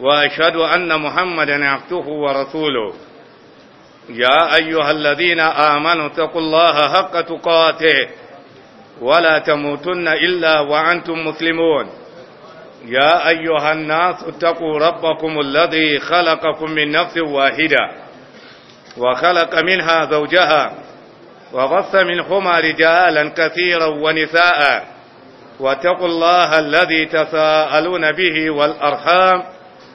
وأشهد أن محمدا عبده ورسوله يا أيها الذين آمنوا اتقوا الله حق تقاته ولا تموتن إلا وأنتم مسلمون يا أيها الناس اتقوا ربكم الذي خلقكم من نفس واحدة وخلق منها زوجها وغص منهما رجالا كثيرا ونساء واتقوا الله الذي تساءلون به والأرحام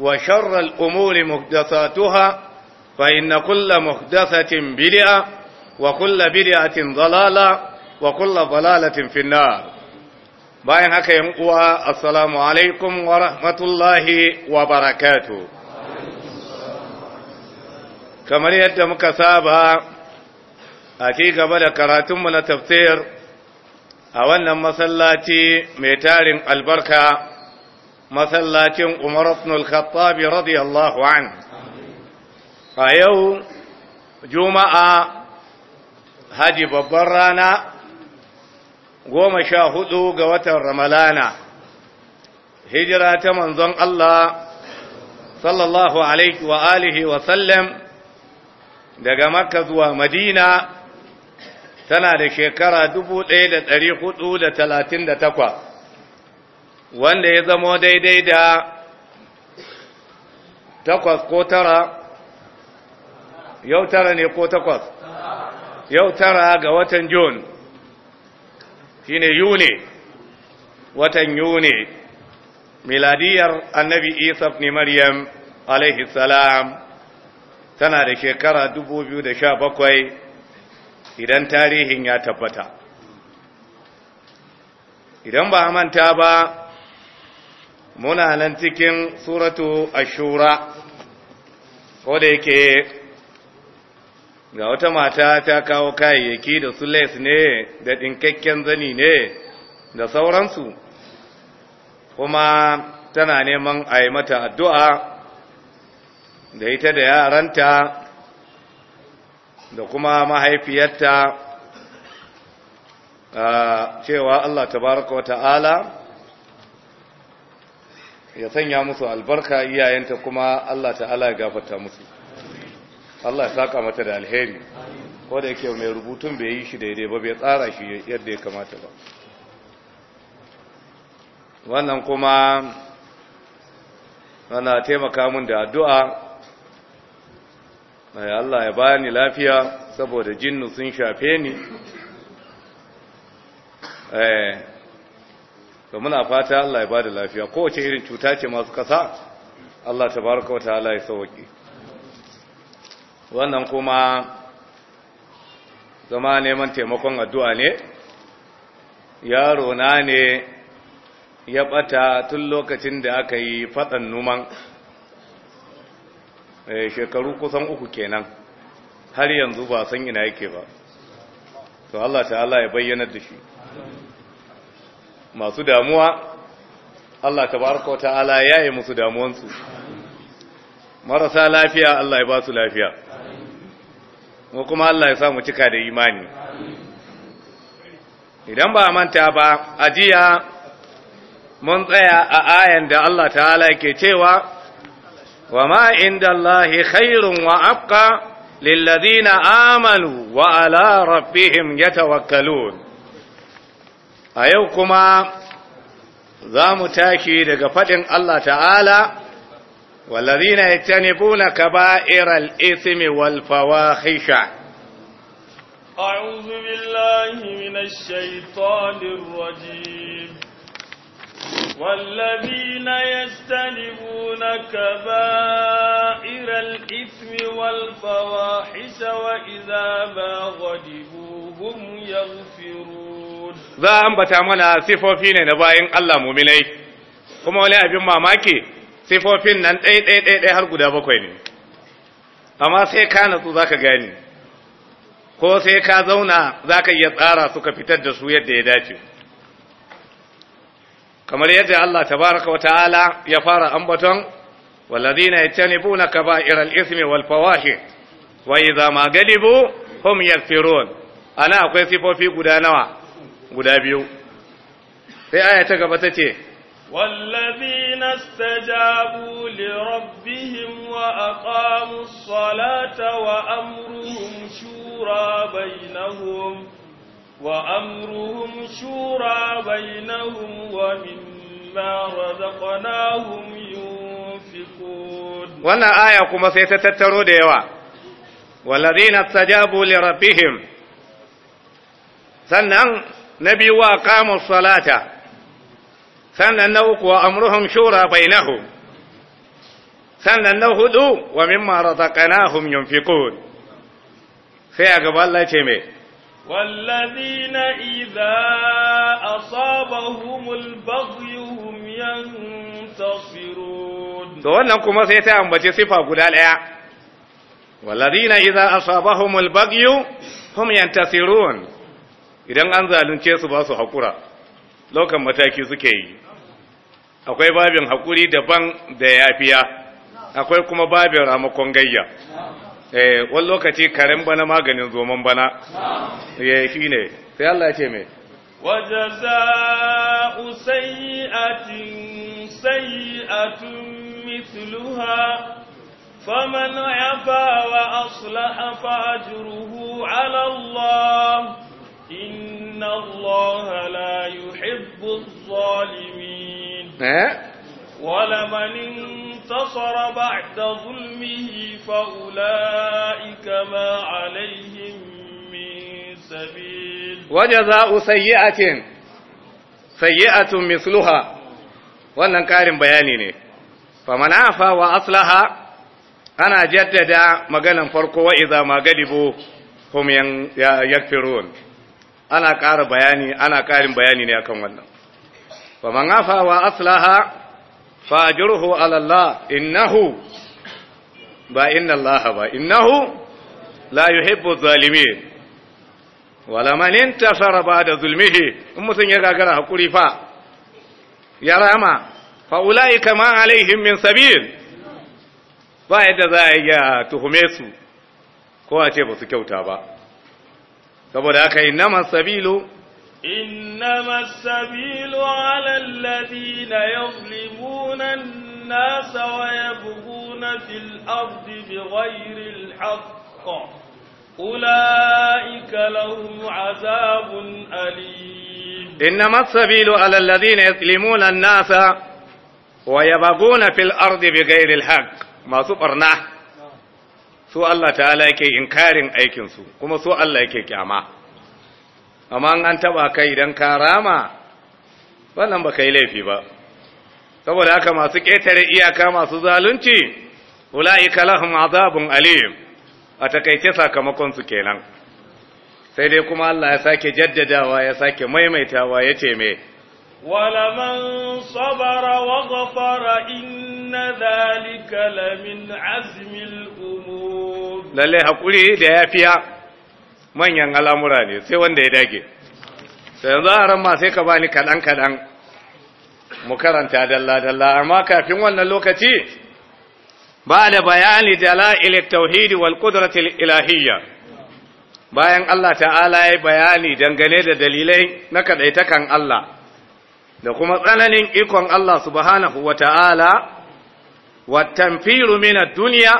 Wa وشر الأمور محدثاتها فإن كل محدثة بدعة وكل بدعة ضلالة وكل ضلالة في النار bayan haka yan uwa assalamu alaikum wa rahmatullahi wa barakatu kamar yadda muka saba a ci gaba da karatunmu na tafsir a wannan masallaci mai tarin albarka masallacin Umar ibn al-Khattab radiyallahu an a yau juma'a haji babban rana goma sha hudu ga watan ramalana hijira ta manzon Allah sallallahu alaihi wa alihi wa sallam daga makka zuwa madina tana da shekara 1438 wanda ya zamo daidai da takwas ko tara yau tara ne ko takwas yau tara ga watan june ne yuni watan yuni miladiyar annabi isa ne maryam alaihi salam tana da shekara 2017 idan tarihin ya tabbata idan ba a manta ba muna nan cikin suratu ashura ko da yake ga wata mata ta kawo kayayyaki da su les ne da ɗinkakken zani ne da sauransu kuma tana neman a yi mata addu'a da ita da yaranta da kuma mahaifiyarta ah, cewa Allah baraka wa ta'ala ya sanya musu albarka iyayenta kuma Allah ta'ala ya gafarta musu Allah ya saka mata da alheri ko da yake mai rubutun bai yi shi daidai ba bai tsara shi yadda ya kamata ba wannan kuma ana taimaka mun da addu'a mai Allah ya bani lafiya saboda jinnu sun shafe ni eh, to muna fata Allah ya ba da lafiya kowace irin cuta ce masu kasa Allah ta baraka wata ya sauke wannan kuma zama neman taimakon addu'a ne yaro na ne ya ɓata tun lokacin da aka yi faɗan numan eh, shekaru kusan uku kenan har yanzu ba san ina yake ba to Allah ta'ala ya bayyana da shi masu damuwa Allah tabaraka ta'ala ya yi musu damuwansu marasa lafiya Allah ya ba su lafiya mu kuma Allah ya sa mu cika da imani idan ba manta ba ajiya mun tsaya a ayan da Allah ta'ala ke cewa wa ma inda khairun wa abqa lilladhina amanu wa ala rabbihim yatawakkalun a yau kuma za mu tashi daga faɗin Allah ta'ala wallazina yatanibuna kaba'iral ithmi wal fawahisha أعوذ بالله من الشيطان الرجيم والذين يجتنبون كبائر الإثم والفواحش وإذا ما غضبوا يغفرون za a ambata mana sifofi ne na bayan Allah muminai kuma wani abin mamaki sifofin nan ɗai har guda bakwai ne amma sai ka natsu za ka gani ko sai ka zauna za ka iya tsara suka fitar da su yadda ya dace kamar yadda Allah tabaraka wata'ala ya fara ambaton والذين يجتنبون wal الإثم wa idza ma galibu hum يغفرون ana akwai sifofi guda nawa? guda biyu sai aya ta gaba ta ce lirabbihim wa aqamu wa amruhum shura shura bainahum wannan aya kuma sai ta tattaro da yawa wallazina sannan na biyu wa kamun salata sannan na uku wa amruhum shura bainahum sannan na hudu wa min mimma razaqnahum yunfiqun sai a gaba Allah ce me والذين إذا أصابهم البغي هم ينتصرون to wannan kuma sai ta ambace sifa guda daya walladina idza asabahum albaghy hum yantasirun idan an zalunce su ba su haƙura lokan mataki suke yi akwai babin haƙuri daban da yafiya akwai kuma babin ramakon gayya eh, wani lokaci karen bana maganin zoman bana ya eh, shi ne sai Allah ce mai wajaza usayyatin sayyatun mithluha faman yafa wa aslaha fajruhu ala Allah إن الله لا يحب الظالمين ولمن انتصر بعد ظلمه فأولئك ما عليهم من سبيل وجزاء سيئة سيئة مثلها wannan ƙarin bayani ne faman afa wa aslaha ana jaddada maganan farko wa iza magadibu ana ƙara bayani ana ƙarin bayani ne akan wannan man afa wa aslaha ajruhu ala Allah innahu ba inna Allah ba innahu la yuhibbu zalimin wala man intasara ba'da zulmihi in mutun ya gagara hakuri fa ya rama fa ulaika ma alaihim min sabil ba yadda za a yi tuhume su ko a ce ba su kyauta ba saboda haka innama sabilu innama sabilu ala alladhina yuzlimuna an nasa wa yabghuna fil ardi bighayri al-haqq ulaika lahum azabun alim innama sabilu ala alladhina yuzlimuna an nasa wa yabghuna fil ardi bighayri al-haqq masu barna su Allah ta'ala yake inkarin aikinsu kuma su Allah yake kyama amma an taba kai idan ka rama wannan ba kai laifi ba saboda haka masu ƙetare iyaka masu zalunci ula'ika lahum azabun alim a takaice sakamakon su kenan sai dai kuma Allah ya sake jaddadawa ya sake maimaitawa ya ce ولمن صبر وغفر إن ذلك لمن عزم الأمور لله أقولي ده يفيا من ينقل أمراني سيوان ده يداكي سيظهر ما سيكباني كدن كدن مكرنتا دلا دلا أما كافي وانا لوكتي بعد بيان دلائل التوحيد والقدرة الإلهية bayan Allah ta'ala ya bayani dangane da dalilai na kadaitakan Allah da kuma tsananin ikon Allah subhanahu wa ta'ala, wattanfiru minar duniya,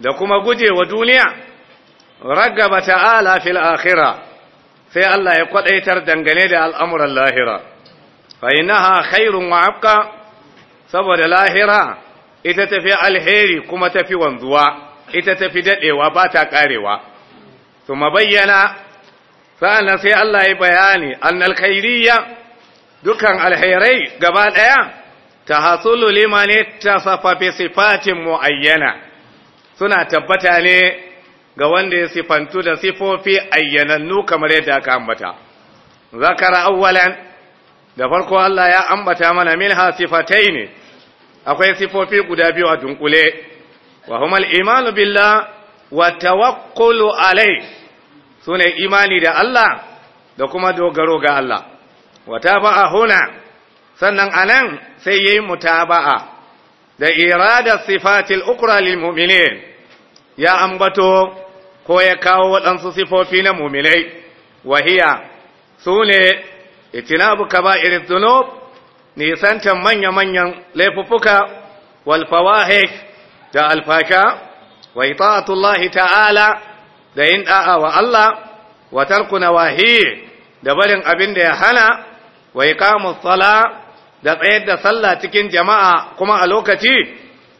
da kuma gujewa duniya, ragaba ta'ala fil akhira, sai Allah ya kwaɗaitar dangane da al'amuran lahira, fa'inaha khairun wa'afka, saboda lahira ita tafi alheri kuma tafi wanzuwa, ita tafi daɗewa ba ta ƙarewa. Su bayyana, sa'an sai Allah ya bayani, annal khairiyya dukan alherai gaba ɗaya ta hasulu limane ta safa bi sifatin muayyana suna tabbata ne ga wanda ya sifantu da sifofi ayyanannu kamar yadda aka ambata zakara awwalan da farko Allah ya ambata mana minha sifatai ne akwai sifofi guda biyu a dunkule wa huma al-imanu billah wa tawakkulu alai sune imani da Allah da kuma dogaro ga Allah wataba'a huna sannan anan sai yayi mutaba'a da irada sifatil ukra lil mu'minin ya ambato ko ya kawo waɗansu sifofi na mu'minai wahiya sune itinabu kaba'ir dhunub nisantan manya-manyan laifuffuka wal fawahish da alfaka wa ita'atullahi ta'ala da yin da'a wa Allah wa tarku nawahi da barin abin da ya hana wa iqamus sala da tsayar da sallah cikin jama'a kuma a lokaci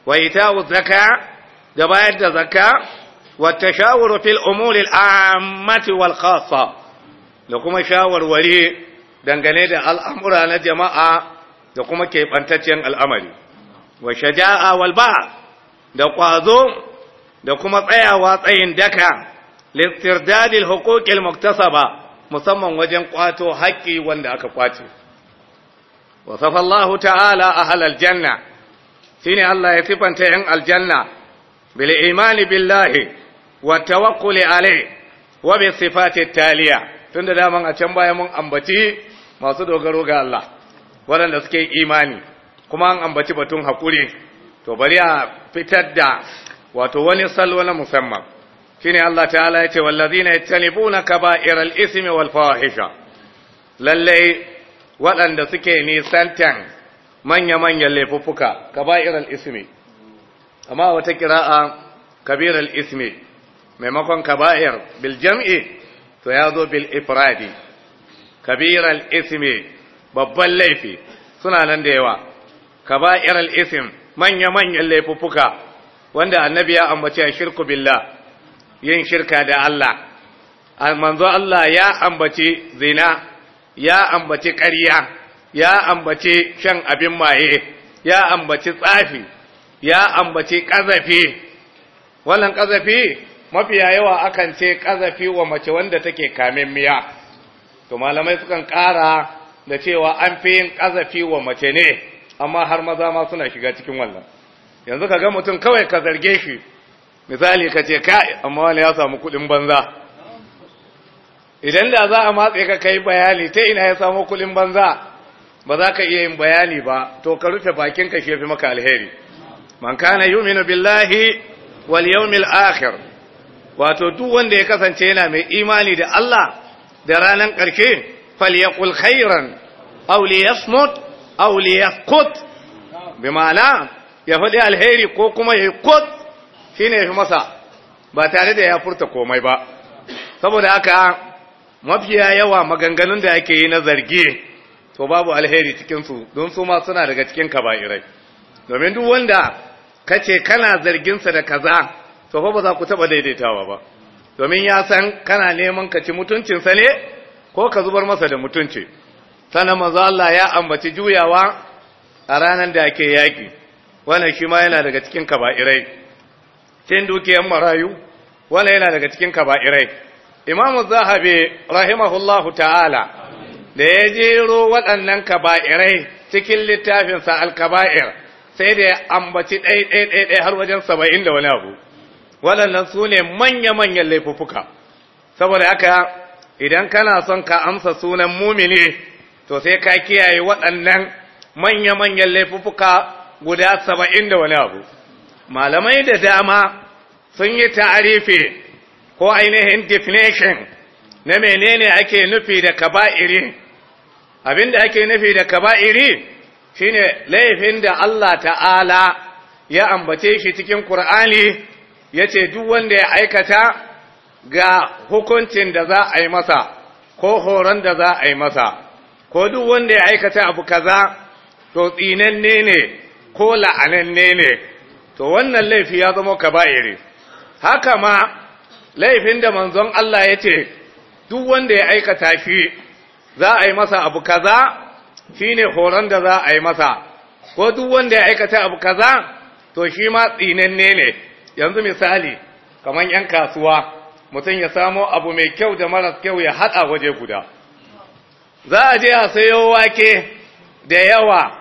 wa ita'u zaka da bayar da zaka wata tashawuru fil umuri al'ammati wal khassa da kuma shawarwari dangane da al'amura na jama'a da kuma keɓantaccen al'amari wa shaja'a wal ba da ƙwazo da kuma tsayawa tsayin daka listirdadil hukukil muktasaba musamman wajen kwato haƙƙi wanda aka kwace wasafallahu ta'ala ahal janna shine Allah ya sifanta yan aljanna bil imani billahi wa tawakkuli alayhi wa bi sifati taliya tunda daman a can baya mun ambaci masu dogaro ga Allah waɗanda suke imani kuma an ambaci batun hakuri to bari a fitar da wato wani salwa na musamman shine Allah ta'ala Ya ce wallazina yattalibuna kaba'iral ismi wal fahisha lalle waɗanda suke nisantan manya manya laifuffuka kaba'iral ismi amma wata kira'a kabiral ismi maimakon kaba'ir bil jam'i to ya zo bil ifradi kabiral ismi babban laifi suna nan da yawa kaba'iral ism manya-manyan laifuffuka wanda annabi ya ambace shirku billah yin shirka da Allah manzo Allah ya ambaci zina ya ambaci ƙarya ya ambaci shan abin maye ya ambaci tsafi ya ambaci ƙazafi wannan ƙazafi mafiya yawa akan ce ƙazafi wa mace wanda take kamin miya to malamai sukan ƙara da cewa an fi yin ƙazafi wa mace ne amma har maza ma suna shiga cikin wannan yanzu ka ga mutum kawai ka zarge shi misali ka ce kai amma wani ya samu kudin banza idan da za a matse ka kai bayani ta ina ya samu kudin banza ba za ka iya yin bayani ba to ka rufe bakin ka shefi maka alheri man kana yu'minu billahi wal yawmil akhir wato duk wanda ya kasance yana mai imani da Allah da ranan karshe falyaqul khairan aw liyasmut aw liyaqut bima'ana ya faɗi alheri ko kuma ya kut shine ya fi masa ba tare da ya furta komai ba saboda haka mafiya yawa maganganun da ake yi na zargi to babu alheri cikinsu don su ma suna daga cikin kaba'irai domin duk wanda kace kana zarginsa da kaza to fa ba za ku taɓa daidaitawa ba domin ya san kana neman ka ci mutuncinsa ne ko ka zubar masa da mutunci sannan manzo Allah ya ambaci juyawa a ranar da ake yaki wannan shi ma yana daga cikin kaba'irai cin dukiyan marayu wannan yana daga cikin kaba'irai imamu zahabi rahimahullahu ta'ala da ya jero waɗannan kaba'irai cikin littafinsa alkaba'ir sai da ya ambaci ɗai har wajen saba'in da wani abu waɗannan su ne manya-manyan laifuffuka saboda aka idan kana son ka amsa sunan mumini to sai ka kiyaye waɗannan manya-manyan laifuffuka guda saba'in da wani abu malamai da dama sun yi ta'arifi ko ainihin definition na menene ake nufi da kaba'iri da ake nufi da kaba'iri shine laifin da Allah ta'ala ya ambace shi cikin Qur'ani yace duk wanda ya aikata ga hukuncin da za a yi masa ko horon da za a yi masa ko duk wanda ya aikata abu kaza to tsinanne ne ko la'ananne ne to wannan laifi ya zama iri. haka ma laifin da manzon Allah ya ce duk wanda ya aikata shi za a yi masa abu kaza shi ne horon da za a yi masa ko duk wanda ya aikata abu kaza to shi ma tsinanne ne yanzu misali kamar yan kasuwa mutum ya samo abu mai kyau da maras kyau ya haɗa waje guda za a je a sayo wake da yawa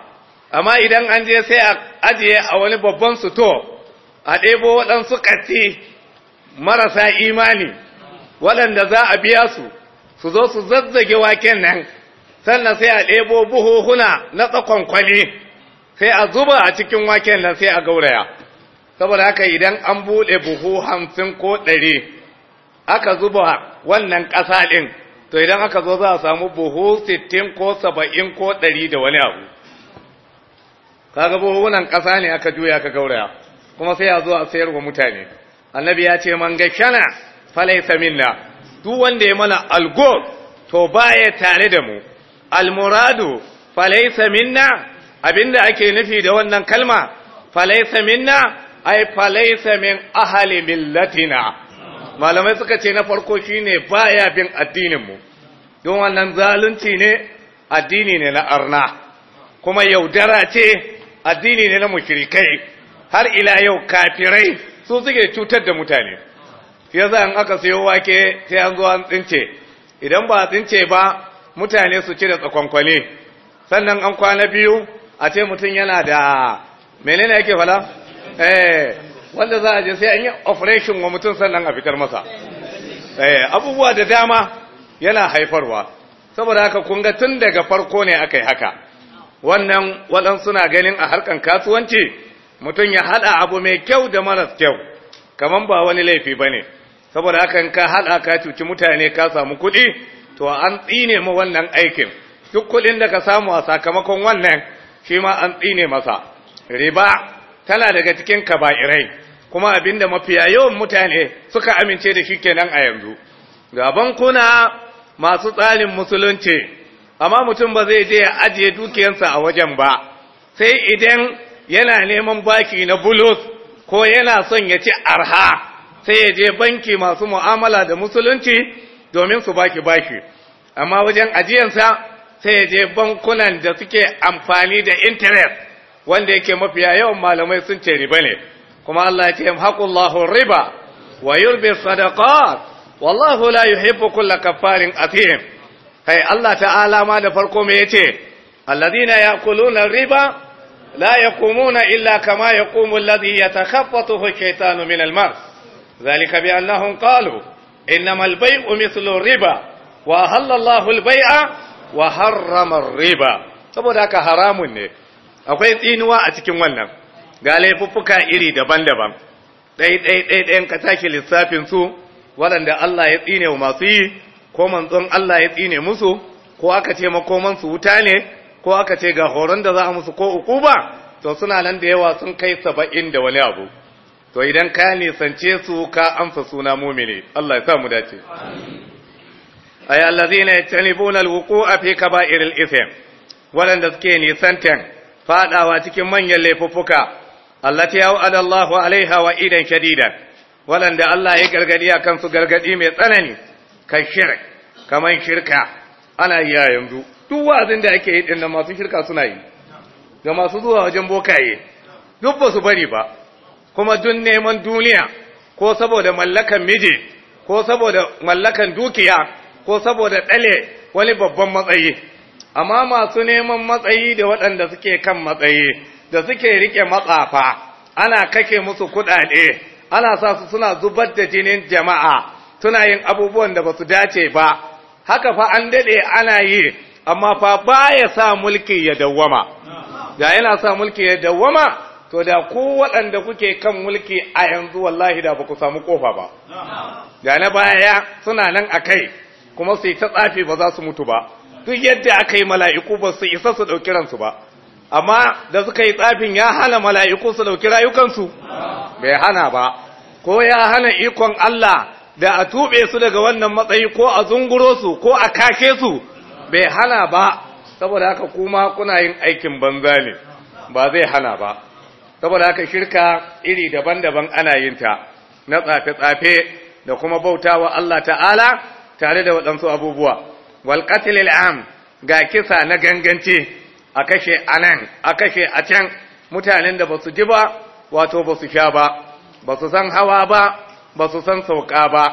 amma idan an je sai a ajiye a wani babban suto a ɗebo waɗansu ƙatti marasa imani waɗanda za a biya su su zo su zazzage waken nan sannan sai a ɗebo buhuhuna na tsakon kwali sai a zuba a cikin waken nan sai a gauraya saboda haka idan an buɗe buhu hamsin ko ɗari aka zuba wannan ƙasa ɗin to idan aka zo za a samu buhu sittin ko saba'in ko ɗari da wani abu kaga buhunan ƙasa ne aka juya ka gauraya kuma sai a zo a sayar wa mutane annabi ya ce man gashana falaysa minna duk wanda ya mana algol to baya tare da mu almuradu falaysa minna abinda ake nufi da wannan kalma falaysa minna ai falaysa min ahli millatina malamai suka ce na farko shine baya bin addinin mu don wannan zalunci ne addini ne na arna kuma yaudara ce addini ne na mushrikai har ila yau kafirai su suke cutar da mutane yasa in aka sayo wake sai an zo an tsince idan ba tsince ba mutane su ci da tsakonkwale sannan an kwana biyu a ce mutum yana da menene yake fala eh wanda za a je sai an yi operation wa mutum sannan a fitar masa eh abubuwa da dama yana haifarwa saboda haka kun ga tun daga farko ne aka yi haka wannan waɗansu na ganin a harkan kasuwanci mutum ya haɗa abu mai kyau da maras kyau kamar ba wani laifi ba ne saboda hakan ka haɗa ka cuci mutane ka samu kuɗi to an tsine ma wannan aikin duk kuɗin da ka samu a sakamakon wannan shi ma an tsine masa riba tana daga cikin kaba'irai kuma abinda mafiya yawan mutane suka amince da shi kenan a yanzu ga bankuna masu tsarin musulunci amma mutum ba zai je ya ajiye dukiyarsa a wajen ba sai idan yana neman baki na bulus ko yana son ya ci arha sai ya je banki masu mu'amala da musulunci domin su baki baki amma wajen ajiyansa sai ya je bankunan da suke amfani da intanet, wanda yake mafiya yawan malamai sun ce riba ne kuma Allah ya ce haqullahu riba wa yurbi sadaqat wallahu la yuhibbu kulla kafarin athim kai Allah ta'ala ma da farko me yace ya ya'kuluna riba la yaqumuna illa kama yaqumu alladhi yatakhaffatuhu ash-shaytanu min al-mas dhalika bi annahum Kalu, innama al-bay'u mithlu riba wa ahalla wa harrama riba saboda haka haramun ne akwai tsinuwa a cikin wannan ga laifuffuka iri daban-daban ɗai ɗai ɗai ka take lissafin su waɗanda Allah ya tsine wa masu yi ko manzon Allah ya tsine musu ko aka ce makoman su wuta ne ko aka ce ga horon da za a musu ko ba, to suna nan da yawa sun kai saba'in da wani abu to idan ka nisance su ka amsa suna mumini Allah ya sa mu dace ay allazina yatanibuna alwuqu'a fi kaba'iril ithm waɗanda suke nisantan fadawa cikin manyan laifuffuka allati ya'ada Allahu alaiha wa idan shadida waɗanda Allah ya gargadi akan su gargadi mai tsanani kan shirk kaman shirka ana iya yanzu duk wa'azin da ake yi din nan masu shirka suna yi da masu zuwa wajen bokaye duk ba su bari ba kuma duk neman duniya ko saboda mallakan miji ko saboda mallakan dukiya ko saboda ɗale wani babban matsayi amma masu neman matsayi da waɗanda suke kan matsayi da suke rike matsafa ana kake musu kuɗaɗe ana sa su suna zubar da jinin jama'a suna yin abubuwan da ba su dace ba haka fa an daɗe ana yi amma fa baya sa mulki ya dawwama da yana sa mulki ya dawwama to da ku waɗanda kuke kan mulki a yanzu wallahi da ba ku samu kofa ba da na baya suna nan a kai kuma su yi ta tsafi ba za su mutu ba duk yadda aka yi mala'iku ba su isa su ɗauki ransu ba amma da suka yi tsafin ya hana mala'iku su ɗauki rayukansu bai hana ba ko ya hana ikon Allah da a tuɓe su daga wannan matsayi ko a zunguro su ko a kake su bai hana ba saboda haka kuma kuna yin aikin banza ne ba zai hana ba saboda haka shirka iri daban-daban ana yin ta na tsafe-tsafe da kuma bauta wa Allah ta'ala tare da waɗansu abubuwa wal qatlil ga kisa na ganganci a kashe a nan a kashe a can mutanen da ba su ji ba wato ba su sha ba ba su san hawa ba ba su san sauka ba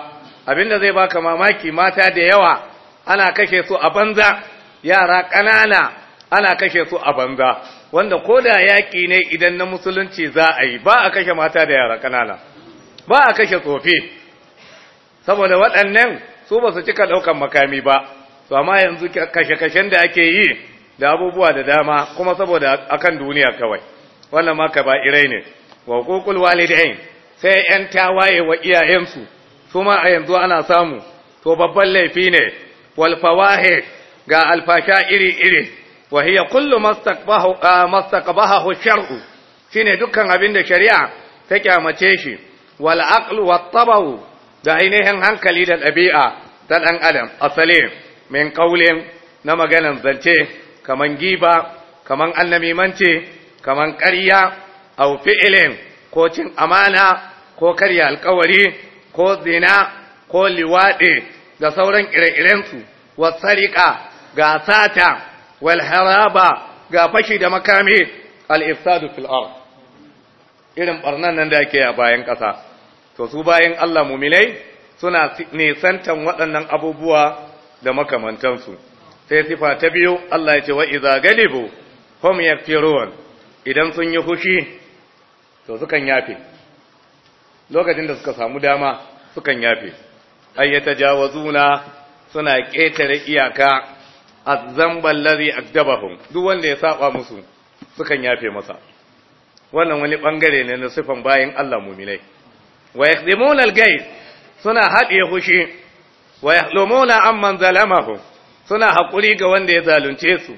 abinda zai baka mamaki mata da yawa ana kashe su a banza yara ƙanana ana kashe su a banza wanda ko da yaƙi ne idan na musulunci za a yi ba a kashe mata da yara ƙanana ba a kashe tsofi saboda waɗannan su ba su cika ɗaukan makami ba su amma yanzu kashe-kashen da ake yi da abubuwa da dama kuma saboda akan duniya kawai wannan ma ka ba irai ne wa kukul walidain sai 'yan tawaye wa iyayensu su ma a yanzu ana samu to babban laifi ne walfawahe ga alfasha iri-iri wa kullum kullu mastaqbahu ah, shar'u shine dukkan abin da shari'a ta kyamace shi wal aqlu tabawu da ainihin hankali da ɗabi'a ta ɗan adam asali min qaulin na maganan zance kaman giba kaman annamimance kaman ƙarya au fi’ilin, ko cin amana ko karya alkawari ko zina ko liwaɗe da sauran ire-irensu wasarika ga sata wal haraba ga fashi da makami al'ifsadu ard irin barnan nan da yake a bayan ƙasa to su bayan Allah mumilai suna nisantan waɗannan abubuwa da makamantansu sai sifa ta biyu Allah ya ce wa idza galibu hum yakfirun idan sun yi fushi to sukan yafe lokacin da suka samu dama sukan yafe ay jawazuna suna ƙetare iyaka azzamban ladhi akdabahum duk wanda ya saba musu sukan yafe masa wannan wani bangare ne na sifan bayan Allah mu'minai wa yakhdimuna al-gayz suna hadiye hushi wa yahlumuna amman zalamahu suna hakuri ga wanda ya zalunce su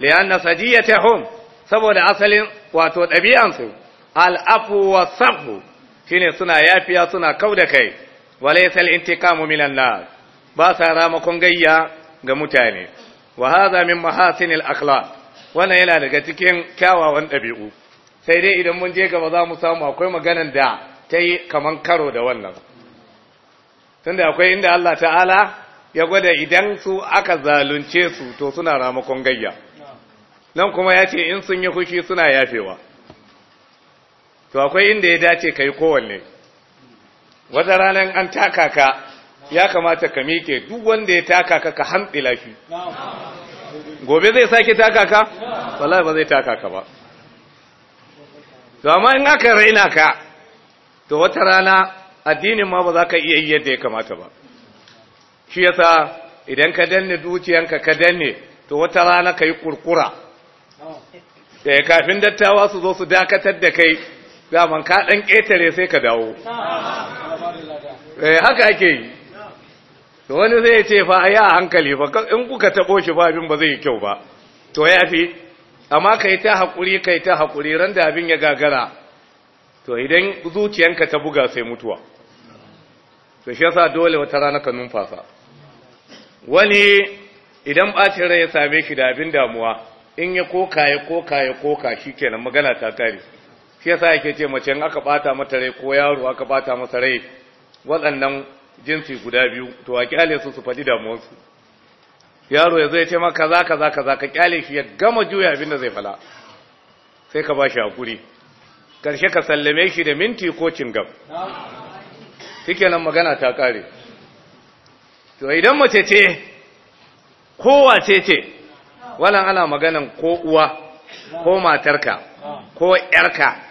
li'anna sajiyatahum saboda asalin wato ɗabi'ansu al'afu wa safu shine suna yafiya suna kau da kai walaysa al-intiqamu minan na ba sa ramakon gayya ga mutane wa haza min mahasinil akhlaq wannan yana daga cikin kyawawan ɗabi'u sai dai idan mun je gaba za mu samu akwai maganan da ta yi kaman karo da wannan tunda akwai inda Allah ta'ala ya gwada idan su aka zalunce su to suna ramakon gayya nan kuma ya ce in sun yi fushi suna yafewa to akwai inda ya dace ka yi kowanne wata ranar an taka ka ya kamata ka miƙe duk wanda ya taka ka ka hanɗi lafi gobe zai sake taka ka wallahi ba zai taka ka ba to amma in aka raina ka to wata rana addinin ma ba za ka iya yi yadda ya kamata ba shi yasa idan ka danne dukiyanka ka danne to wata rana ka yi kurkura eh, kafin dattawa su zo su dakatar da kai man ka ɗan ƙetare sai ka dawo eh, haka ake yi wani zai ce fa ya hankali fa in kuka tabo shi ba abin ba zai yi kyau ba to ya fi amma kai ta haƙuri kai ta hakuri ran da abin ya gagara to idan zuciyanka ta buga sai mutuwa to shi yasa dole wata rana ka numfasa wani idan ɓacin rai ya same shi da abin damuwa in ya koka ya koka ya koka shi magana ta kare shi yasa yake ce mace in aka bata mata rai ko yaro aka bata masa rai waɗannan jinsi guda biyu to a kyale su su faɗi damuwarsu yaro ya zai ce maka kaza kaza kaza ka kyale shi ya gama juya abin da zai fala sai ka bashi hakuri karshe ka sallame shi da minti ko cingam nan magana ta kare to idan mace ce kowa ce ce walan ana maganan ko uwa ko matarka ko yarka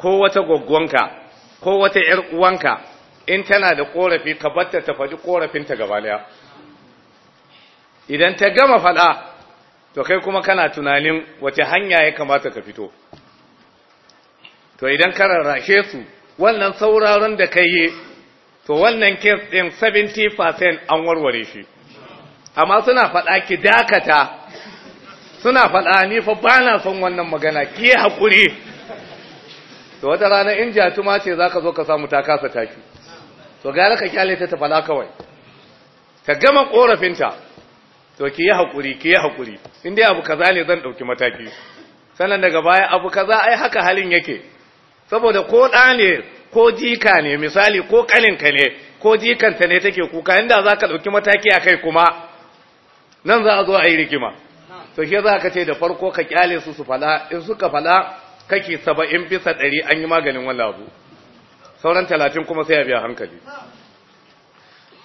ko wata gwaggwanka ko wata ‘yar uwanka in tana da ƙorafi ka batta ta faɗi ƙorafinta gaba ɗaya idan ta gama faɗa to kai kuma kana tunanin wace hanya ya kamata ka fito to idan ka rarrashe su wannan sauraron da ka yi to wannan kes ɗin 70% an warware shi amma suna faɗa ki dakata suna faɗa ni fa ba na son wannan magana ki haƙuri to wata rana in jatuma ce za ka zo ka samu ta kasa taki to gara ka kyale ta tafala kawai ka gama korafinta to ki yi haƙuri ki yi haƙuri in dai abu kaza ne zan ɗauki mataki sannan daga baya abu kaza ai haka halin yake saboda ko ɗa ne ko jika ne misali ko ƙaninka ne ko jikanta ne take kuka inda za ka ɗauki mataki a kai kuma nan za a zo a yi rigima to shi za ka ce da farko ka kyale su su fala in suka fala kake saba'in bisa ɗari an yi maganin wani abu sauran talatin kuma sai a biya hankali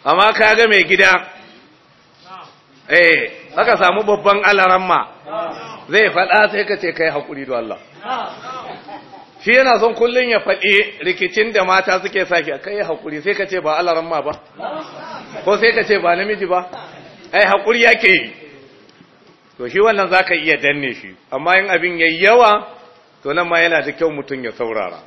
amma ka ga mai gida eh aka samu babban alaramma zai faɗa sai ka ce kai haƙuri da Allah shi yana son kullum ya faɗi rikicin da mata suke sake kai haƙuri sai ka ce ba alaramma ba ko sai ka ce ba namiji ba ai haƙuri yake yi to shi wannan za ka iya danne shi amma yin abin yayi yawa to nan ma yana da kyau mutum ya saurara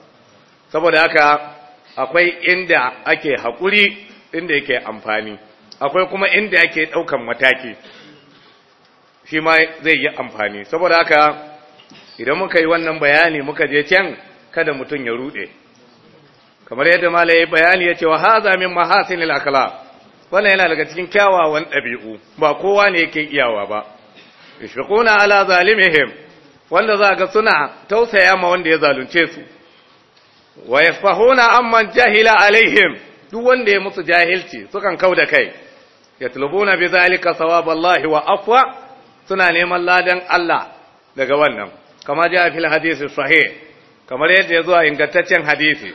saboda haka akwai inda ake haƙuri inda yake amfani akwai kuma inda yake ɗaukan mataki shi ma zai yi amfani saboda haka idan muka yi wannan bayani muka je can kada mutum ya ruɗe kamar yadda malai ya bayani ya ce wa haza min mahasinil akhlaq wannan yana daga cikin kyawawan ɗabi'u ba kowa ne yake iyawa ba yashfiquna ala zalimihim wanda za ga suna tausaya ma wanda ya zalunce su wa yafahuna amman jahila alaihim duk wanda ya musu jahilci sukan kau da kai yatlubuna bidhalika sawaballahi wa afwa suna neman ladan Allah daga wannan kama ja fil hadisi sahih kamar yadda ya zo a ingantaccen hadisi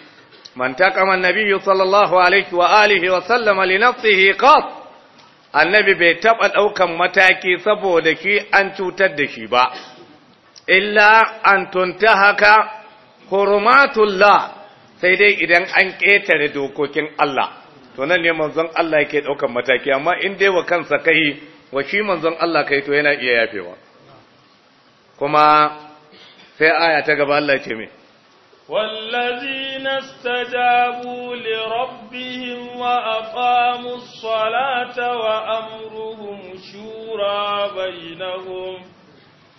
man taqama an-nabiyyu sallallahu alaihi wa alihi wa sallama li nafsihi qat annabi bai taba daukan mataki saboda ki an cutar da shi ba illa an tuntahaka hurumatullah sai dai idan an ƙetare dokokin Allah to nan ne manzon Allah yake ɗaukan mataki amma in dai wa kansa kai wa shi manzon Allah kai to yana iya yafewa kuma sai aya ta gaba Allah ce me والذين استجابوا لربهم وأقاموا wa وأمرهم shura بينهم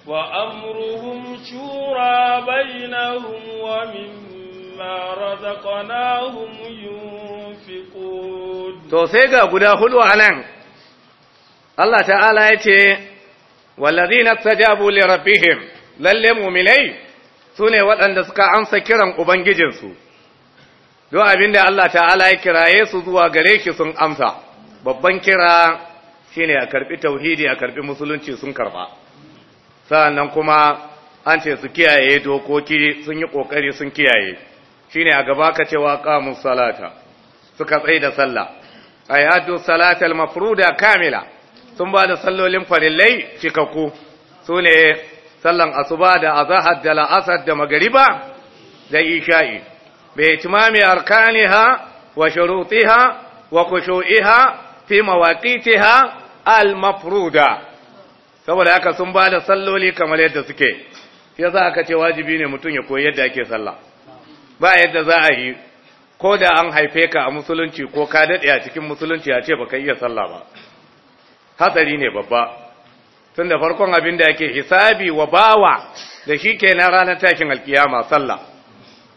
وأمرهم شورى بينهم ومما رزقناهم ينفقون to sai ga guda hudu anan Allah ta'ala yace wallazina tajabu li mu'minai sune waɗanda suka amsa kiran ubangijinsu abin abinda Allah ta'ala ya kiraye su zuwa gare shi sun amsa babban kira shine a karbi tauhidi a karbi musulunci sun karba sa'annan kuma an ce su kiyaye dokoki sun yi ƙoƙari sun kiyaye shine a gaba ka cewa ƙamun salata suka tsai da sallah ay salatal mafruda kamila sun ba da sallolin farillai cikakku sune sallan asuba da azahar da la'asar da magariba da isha'i bai timami ha wa ha wa ha fi ha al-mafruda saboda haka sun ba da salloli kamar yadda suke ya yasa aka ce wajibi ne mutum ya koyi yadda ake sallah ba yadda za a yi ko da an haife ka a musulunci ko ka daɗe a cikin musulunci a ce baka iya sallah ba hatsari ne babba tun da farkon abin da yake hisabi wa bawa da shi ke na ranar takin alkiyama sallah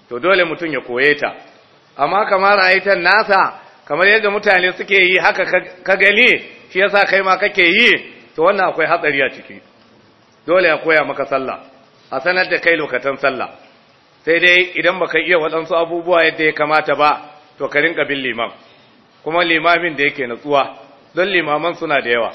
to dole mutum ya koye ta amma kamar a aitan nasa kamar yadda mutane suke yi haka ka gani shi yasa kai ma kake yi to wannan akwai hatsari a ciki dole ya koya maka sallah a sanar da kai lokacin sallah sai dai idan baka iya waɗansu abubuwa yadda ya kamata ba to ka rinka bin liman kuma limamin da yake natsuwa don limaman suna da yawa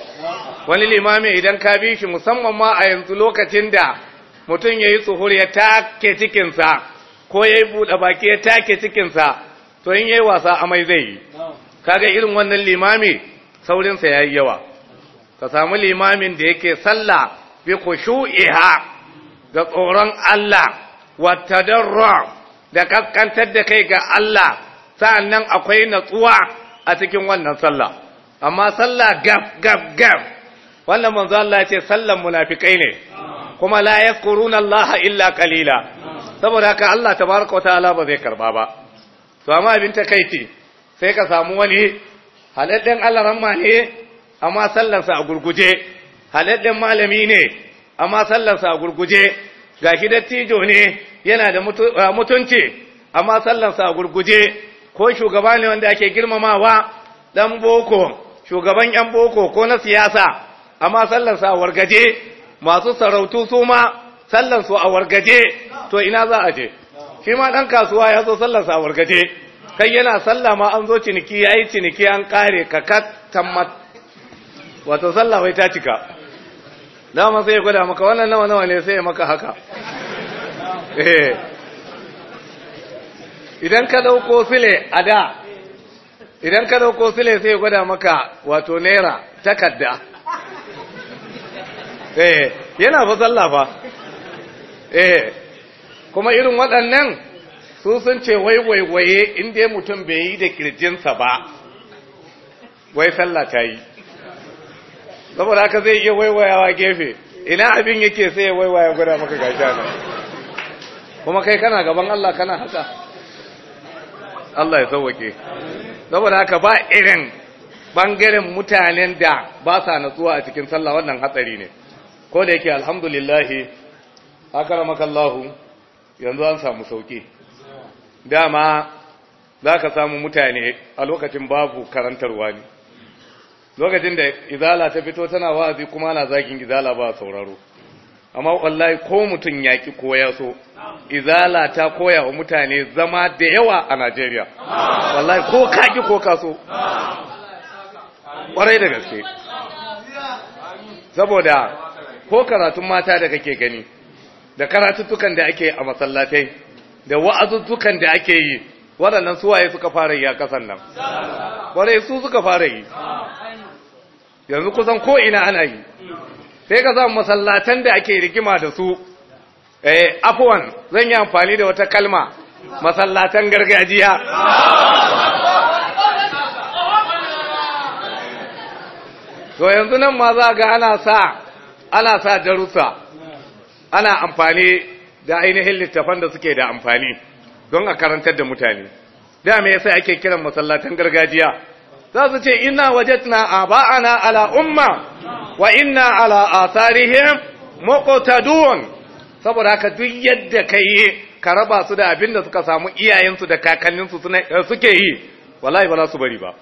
wani limamin idan ka bi shi musamman ma a yanzu lokacin da mutum ya yi tsohuri ya take cikinsa ko ya yi buɗe baki ya take cikinsa to in yi wasa amai zai yi kaga irin wannan limami saurinsa ya yi yawa ka samu limamin da yake sallah bi khushu'iha da tsoron Allah wa tadarru da kaskantar da kai ga Allah sa'annan akwai natsuwa a cikin wannan sallah amma sallah gab gab gab wannan manzo Allah ya ce sallan munafikai ne kuma la yadhkuruna Allah illa qalila saboda haka Allah tabaraka wa ta'ala ba zai karba ba to amma abin takaici, sai ka samu wani halallen Allah ramma ne amma sallansa a gurguje haladden malami ne amma sallansa a gurguje ga shi dattijo ne yana da mutunci amma sallansa a gurguje ko shugaba ne wanda ake girmamawa dan boko shugaban yan boko ko na siyasa amma sallansa a wargaje masu sarautu su ma sallansu a wargaje to ina za a je shi ma ɗan kasuwa ya zo sallarsa a wargaje kai yana sallama ma an zo ciniki ya yi ciniki an ƙare kakat tammat wato sallah wai ta cika dama sai ya gwada maka wannan nawa nawa ne sai ya maka haka eh. idan ka dauko sile a da idan ka dauko sile sai ya gwada maka wato naira takarda eh, yana fa sallah fa eh. kuma irin waɗannan su sun ce wai waiwaye inda mutum bai yi da kirjinsa ba wai sallah ta yi saboda haka zai iya waiwayawa gefe ina abin yake sai ya waiwaya guda maka gashi kuma kai kana gaban Allah kana haka Allah ya sauwake saboda haka ba irin bangaren mutanen da ba sa natsuwa a cikin sallah wannan hatsari ne ko da yake alhamdulillah Allah yanzu an samu sauki dama za ka samu mutane a lokacin babu karantarwa ne lokacin da izala ta fito tana wa'azi kuma na zakin izala ba sauraro amma wallahi ko mutum yaki koya so izala ta koya wa mutane zama da yawa a Najeriya wallahi ko ka ko ka so kwarai da gaske saboda ko karatun mata da kake gani da karatuttukan da ake a masallatai da wa'azuttukan da ake yi waɗannan suwaye suka fara yi a ƙasar nan kwarai su suka fara yi yanzu kusan ko ina ana yi sai ka zama masallatan da ake rigima da su eh afwan zan yi amfani da wata kalma masallatan gargajiya to yanzu nan ma za ga ana sa ana sa darussa ana amfani da ainihin littafan da suke da amfani don a karantar da mutane da me yasa ake kiran masallatan gargajiya za su ce ina waje a aba'ana ala umma wa ina ala a atharihim muqtadun saboda haka duk yadda ka yi ka raba su da abin da suka samu iyayensu da kakanninsu eh, suke yi wallahi ba za su bari ba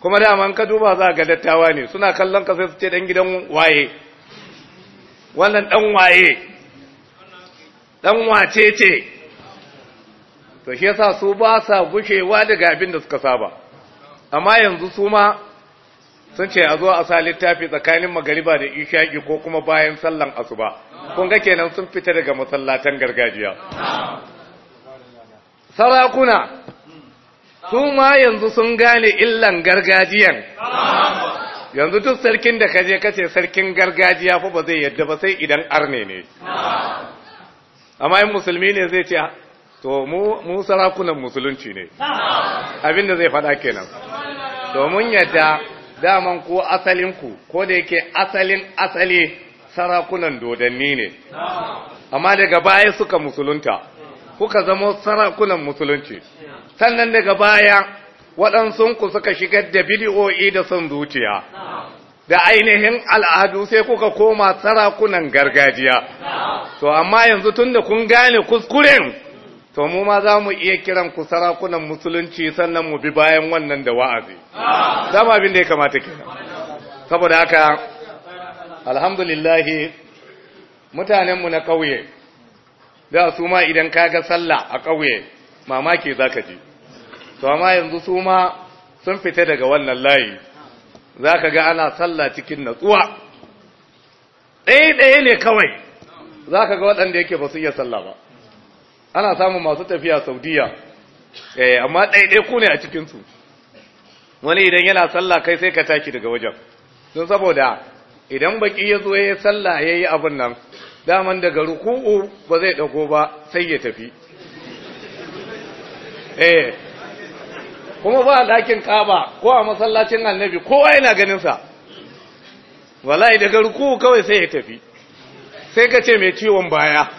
kuma da an ka duba za ga dattawa ne suna kallon ka sai su ce dan gidan waye wannan dan waye dan wace ce to shi yasa su ba sa gushewa daga abin da suka saba amma yanzu su ma sun ce a zo a sa littafi tsakanin magariba da ishaki ko kuma bayan sallan asuba kun ga kenan sun fita daga masallatan gargajiya sarakuna su ma yanzu sun gane illan gargajiyan yanzu duk sarkin da kaje kace sarkin gargajiya fa ba zai yadda ba sai idan arne ne amma in musulmi ne zai ce to mu sarakunan musulunci ne abinda zai faɗa kenan domin yadda daman ko asalin ku ko da yake asalin asali sarakunan dodanni ne amma daga baya suka musulunta kuka zama sarakunan musulunci sannan daga baya waɗansunku suka shigar da bidiyo'i da son zuciya da ainihin al'adu sai kuka koma sarakunan gargajiya to amma yanzu tun da kun gane kuskuren to mu ma za mu iya kiran ku sarakunan musulunci sannan mu bi bayan wannan da wa'azi mu abin da ya kamata ke saboda haka alhamdulillahi mutanenmu na ƙauye da su ma idan ga sallah a ƙauye mamaki za ka ji to amma yanzu su ma sun fita daga wannan layi za ka ga ana sallah cikin natsuwa ɗaya ɗaya ne kawai Za ka ga waɗanda yake ba su iya sallah ba ana samun masu tafiya saudiya eh amma ɗaiɗai ku ne a cikinsu wani idan yana sallah kai sai ka taki daga wajen don saboda idan baki ya zo ya sallah ya yi abin nan daman daga ruku'u ba zai ɗago ba sai ya tafi eh kuma ba ɗakin kaba ko a masallacin annabi kowa yana ganinsa wallahi daga ruku'u kawai sai ya tafi sai ka ce mai ciwon baya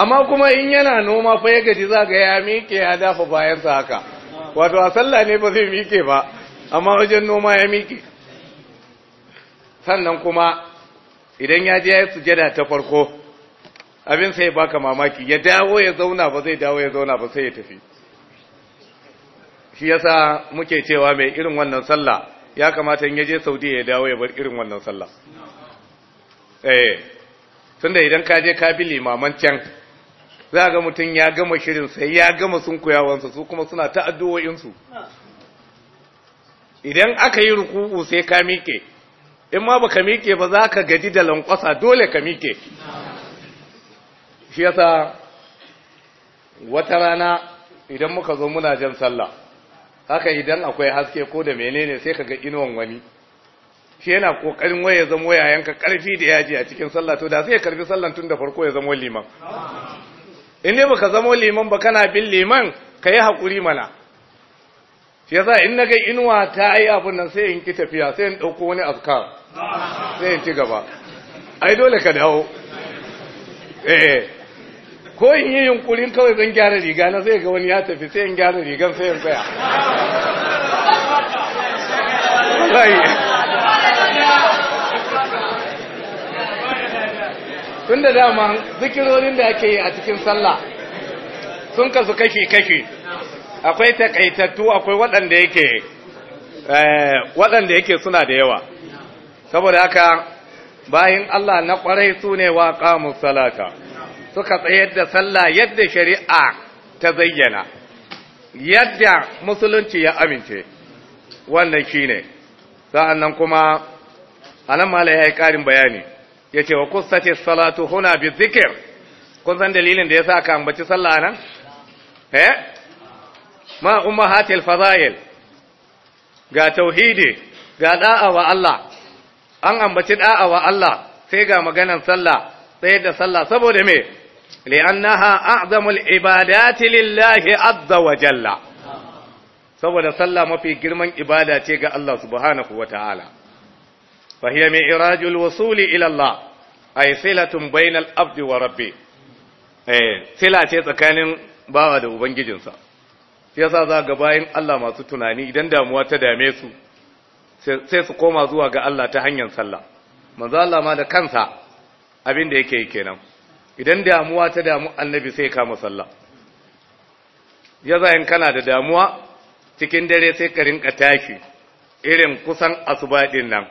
amma kuma in yana noma fa ya gaji za ga ya miƙe ya dafa bayansa haka wato a sallah ne ba zai miƙe ba amma wajen noma ya miƙe sannan kuma idan ya je sujada ta farko abin sai baka mamaki ya dawo ya zauna ba zai dawo ya zauna ba sai ya tafi shi yasa muke cewa mai irin wannan sallah ya kamata in yaje Saudi ya dawo ya bar irin wannan sallah eh, tunda idan ka je ka bi limaman can za ga mutum ya gama shirin sai ya gama kuyawansa su kuma suna ta addu'o'insu idan aka yi ruku'u sai ka miƙe in ma baka mike ba za ka gaji da lankwasa dole ka mike shi yasa wata rana idan muka zo muna jan sallah haka idan akwai haske ko da menene sai ka ga inuwan wani shi yana kokarin waya zama yayanka karfi da yaji a cikin sallah to da sai ya karfi sallan tun da farko ya zama liman in dai baka zamo liman ba kana bin liman ka yi haƙuri mana shi yasa in na gai inuwa ta yi abin nan sai in ki tafiya sai in ɗauko wani afkar sai in ci gaba ai dole ka dawo eh ko in yi yunkurin kawai zan gyara riga na zai ga wani ya tafi sai in gyara rigan sai in tsaya tun da dama zikirorin da ake yi a cikin sallah sun kasu kashi-kashi akwai takaitattu akwai waɗanda yake eh, waɗanda yake suna da yawa saboda haka bayan Allah na ƙwarai su ne wa ƙamun salata suka tsayar da sallah yadda shari'a ta zayyana yadda musulunci ya amince wannan shi ne sa'an nan kuma anan mala ya yi ƙarin bayani yace wa qustati salatu huna bi dhikr kun san dalilin da ya sa ka ambaci sallah nan eh ma ummahatil fadail ga tauhidi ga da'a wa Allah an ambaci da'a wa Allah sai ga maganan sallah tsayar da sallah saboda me li'annaha a'zamul ibadati lillahi azza wa jalla saboda sallah mafi girman ibada ce ga Allah subhanahu ta'ala fa hiya mi'rajul wusuli ila Allah ay silatun bainal abdi wa rabbi sila ce tsakanin bawa da ubangijinsa Siyasa yasa za ga bayin Allah masu tunani idan damuwa ta dame su sai su koma zuwa ga Allah ta hanyar sallah manzo Allah ma da kansa abin da yake yi kenan idan damuwa ta damu annabi sai kama sallah ya zayin kana da damuwa cikin dare sai ka rinka tashi irin kusan asuba nan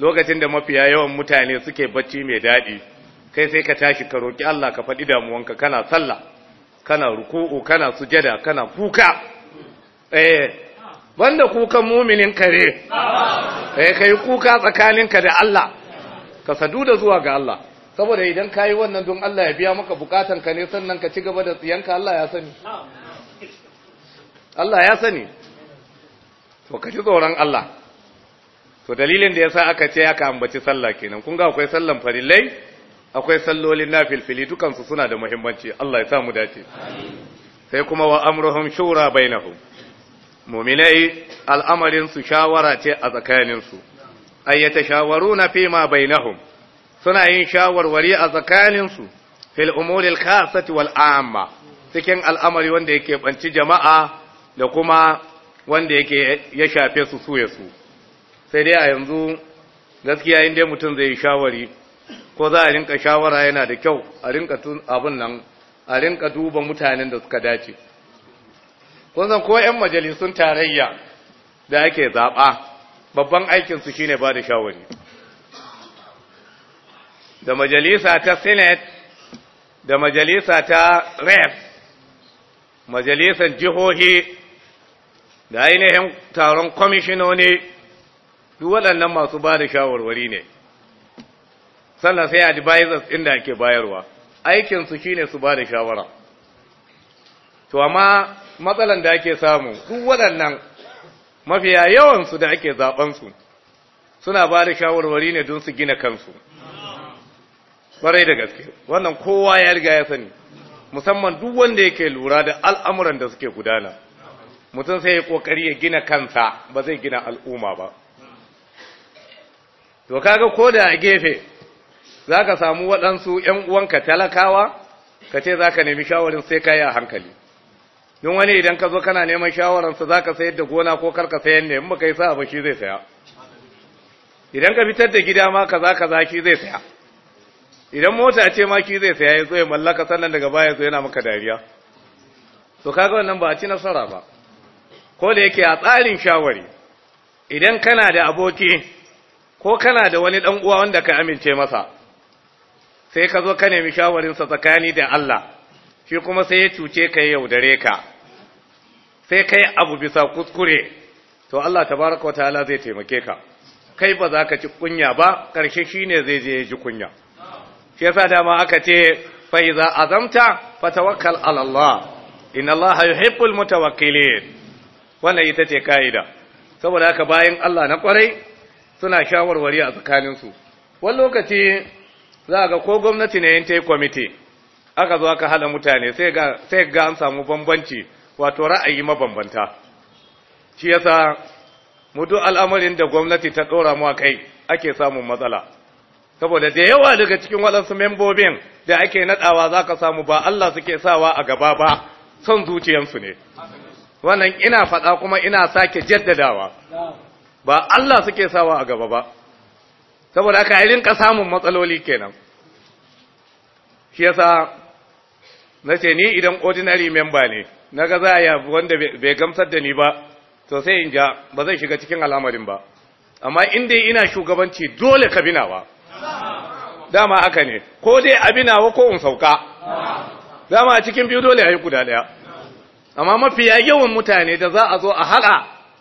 lokacin da mafiya yawan mutane suke bacci mai daɗi kai sai ka tashi ka roƙi Allah ka faɗi damuwanka kana sallah kana ruku'u kana sujada kana kuka eh banda kukan muminin kare eh kai kuka tsakaninka da Allah ka sadu da zuwa ga Allah saboda idan kai wannan don Allah ya biya maka bukatanka ne sannan ka ci gaba da tsiyanka Allah ya sani Allah ya sani to ka ji tsoron Allah to dalilin da yasa aka ce aka ambaci sallah kenan kun ga akwai sallan farillai akwai sallolin nafilfili dukansu suna da muhimmanci Allah ya sa mu dace sai kuma wa amruhum shura bainahum mu'minai al'amarin su shawara ce a tsakanin su ayyata shawaruna fi ma bainahum suna yin shawarwari a tsakanin su fil umuril khassati wal amma cikin al'amari wanda yake banci jama'a da kuma wanda yake ya shafe su su ya su sai dai a yanzu gaskiya inda mutum zai yi shawari ko za a rinka shawara yana da kyau a rinka abin nan a rinka duba mutanen da suka dace kunzan ko 'yan majalisun tarayya da ake zaɓa babban aikinsu shine ba da shawari da majalisa ta senate da majalisa ta rep majalisar jihohi da ainihin taron kwamishinoni duk waɗannan masu ba da shawarwari ne sannan sai advisors inda da ake bayarwa aikinsu shine su ba da shawara to amma matsalan da ake samu duk waɗannan mafiya yawansu da ake zaɓensu suna ba da shawarwari ne don su gina kansu ƙwarai da gaske wannan kowa ya riga ya sani musamman duk wanda yake lura da al'amuran da suke gudana mutum sai ya ƙoƙari ya gina kansa ba zai gina al'umma ba to kaga ko da a gefe za ka samu waɗansu ‘yan uwanka talakawa ka ce za ka nemi shawarin sai ka a hankali don wani idan ka zo kana neman shawararsa za ka sayar da gona ko karka sayan ne in ba ka yi sa'a ba shi zai saya idan ka fitar da gida ma kaza kaza shi zai saya idan mota ce ma shi zai saya ya zo ya mallaka sannan daga baya zo yana maka dariya to kaga wannan ba a ci nasara ba ko da yake a tsarin shawari idan kana da aboki ko kana da wani dan uwa wanda ka amince masa sai ka zo ka nemi shawarinsa tsakani da Allah shi kuma sai ya cuce ka yaudare ka sai kai abu bisa kuskure to Allah tabaraka wa ta'ala zai taimake ka kai ba za ka ci kunya ba karshe shine zai je ya ji kunya shi yasa dama aka ce fa iza azamta fatawakkal ala Allah inna Allah yuhibbul mutawakkilin wannan ita ce kaida saboda haka bayan Allah na kwarai suna shawarwari a tsakaninsu wani lokaci za ga ko gwamnati ne ta yi kwamiti aka zo aka hada mutane sai ga an samu bambanci wato ra'ayi mabambanta shi yasa mutu al'amarin da gwamnati ta ɗora mu a kai ake samun matsala saboda da yawa daga cikin waɗansu membobin da ake naɗawa za ka samu ba Allah suke sawa a gaba ba son zuciyarsu ne wannan ina faɗa kuma ina sake jaddadawa ba Allah suke sawa a gaba ba saboda aka yi rinka samun matsaloli kenan shi yasa na ce ni idan ordinary member ne na ga za a yi wanda bai gamsar da ni ba to sai in ja ba zai shiga cikin al'amarin ba amma inda ina shugabanci dole ka binawa dama aka ne ko dai a abinawa ko in sauka dama a cikin biyu dole a yi guda daya amma mafiya yawan mutane da za a zo a haɗa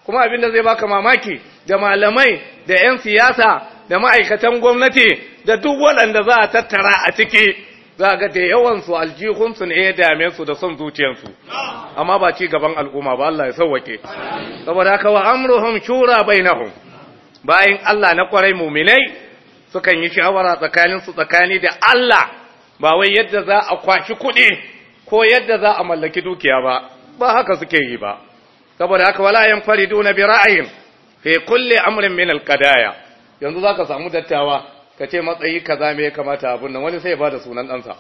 kuma abin da zai baka mamaki da malamai da 'yan siyasa da ma'aikatan gwamnati da duk waɗanda za a tattara a ciki za ga da yawansu aljihunsu ne ya dame su da son zuciyarsu amma ba ci gaban al'umma ba Allah ya sauwake saboda haka wa amruhum shura bainahum bayan Allah na kwarai muminai sukan yi shawara tsakanin su tsakani da Allah ba wai yadda za a kwashi kuɗi ko yadda za a mallaki dukiya ba ba haka suke yi ba saboda haka wala yanfariduna bi ra'ayin fi kulle amrin min alqadaya yanzu zaka samu dattawa ka ce matsayi kaza me ya kamata abun nan wani sai ya bada sunan ɗansa